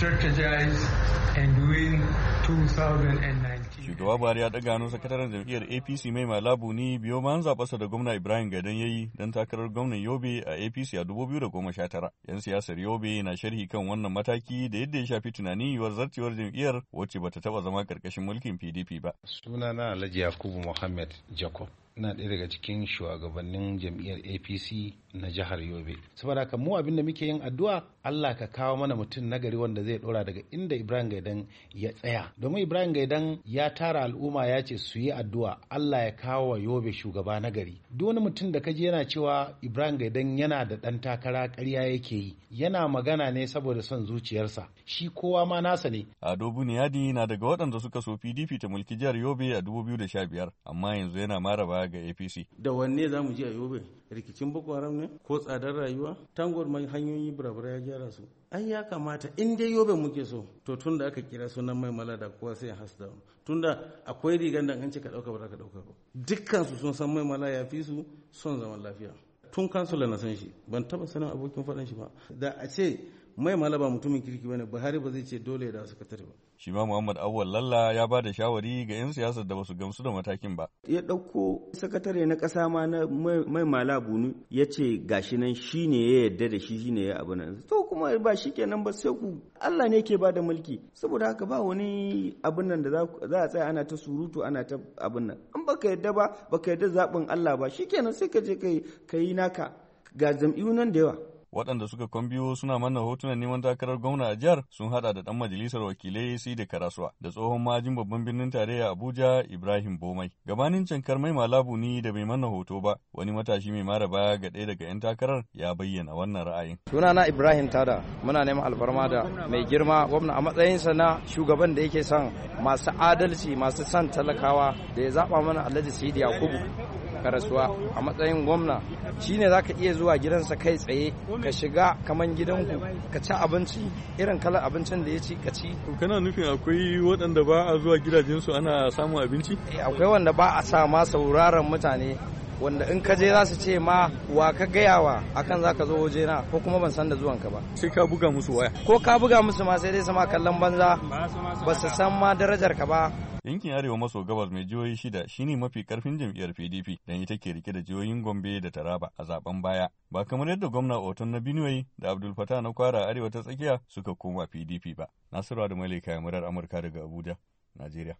strategize and win 2019. Shugaba Buhari ya daga hannun sakataren jam'iyyar APC mai malabu ni biyo bayan zaɓarsa da gwamna Ibrahim Gadon ya yi don takarar gwamnan Yobe a APC a 2019. 'Yan siyasar Yobe na sharhi kan wannan mataki da yadda ya shafi tunanin yiwuwar zartewar jam'iyyar wacce bata taɓa zama ƙarƙashin mulkin PDP ba. Sunana Alhaji Yakubu Mohammed Jacob. na ɗaya daga cikin shugabannin jam'iyyar apc na jihar yobe saboda haka mu abin da muke yin addu'a allah ka kawo mana mutum nagari wanda zai ɗora daga inda ibrahim gaidan ya tsaya domin ibrahim gaidan ya tara al'umma ya ce su yi addu'a allah ya kawo wa yobe shugaba nagari duk wani mutum da kaji yana cewa ibrahim gaidan yana da ɗan takara karya yake yi yana magana ne saboda son zuciyarsa shi kowa ma nasa ne ado buniyadi na daga waɗanda suka so pdp ta mulki jihar yobe a 2015 amma yanzu yana mara baya ga apc da wanne za mu je a yobe rikicin boko haram ne ko tsadar rayuwa tangor mai hanyoyi burabura ya gyara su ai ya kamata in dai yobe muke so to tun da aka kira sunan mai mala da kowa sai has tunda akwai rigan da an ce ka dauka ba za ka dauka ba dukkan su sun san mai mala ya fi su son zaman lafiya tun kansu na san shi ban taba sanin abokin faɗan shi ba da a ce mai malaba mutumin kirki bane buhari ba zai ce dole ya dawo sakatare ba shi ma muhammad awwal lalla ya ba da shawari ga yan siyasar da basu gamsu da matakin ba ya ɗauko sakatare na kasa ma na mai mala bunu ya ce gashi nan shine ya yarda da shi shine ya abu nan to kuma ba shi kenan ba sai ku Allah ne ke ba da mulki saboda haka ba wani abin nan da za a tsaya ana ta surutu ana ta abin nan in baka yarda ba baka yarda zaɓin Allah ba shi shikenan sai ka je kai kai naka ga jam'iyyu nan da yawa waɗanda suka kwambiyo suna manna hotunan neman takarar gwamna a jihar sun haɗa da ɗan majalisar wakilai sai da karasuwa da tsohon majin babban birnin tarayya abuja ibrahim bomai gabanin cankar mai malabu ni da bai manna hoto ba wani matashi mai mara baya ga ɗaya daga 'yan takarar ya bayyana wannan ra'ayin sunana ibrahim tada muna neman alfarma da mai girma gwamna a matsayinsa na shugaban da yake son masu adalci masu son talakawa da ya zaɓa mana alhaji sidi yakubu karasuwa a matsayin gwamna shine za ka iya zuwa gidansa kai tsaye ka shiga kaman gidanku ka ci abinci irin kalar abincin da ya ci ka ci kana nufin akwai waɗanda ba a zuwa gidajensu ana samun abinci eh, akwai wanda ba a sa ma sauraron mutane wanda in ka je za su ce ma wa ka gayawa akan za ka zo waje na ko kuma ban san da zuwanka ba sai ka buga musu waya ko ka buga musu ma sai dai sama kallon banza ba su san ma darajar ka ba Yankin Arewa maso gabas mai jihohi shida shine mafi karfin jam'iyyar PDP don ita ke rike da jihohin Gombe da Taraba a zaben baya. Ba kamar yadda gwamna Oton na Benue da Abdul Fattah na Kwara Arewa ta tsakiya suka koma PDP ba. Nasiru da Malika Murar Amurka daga Abuja, Najeriya.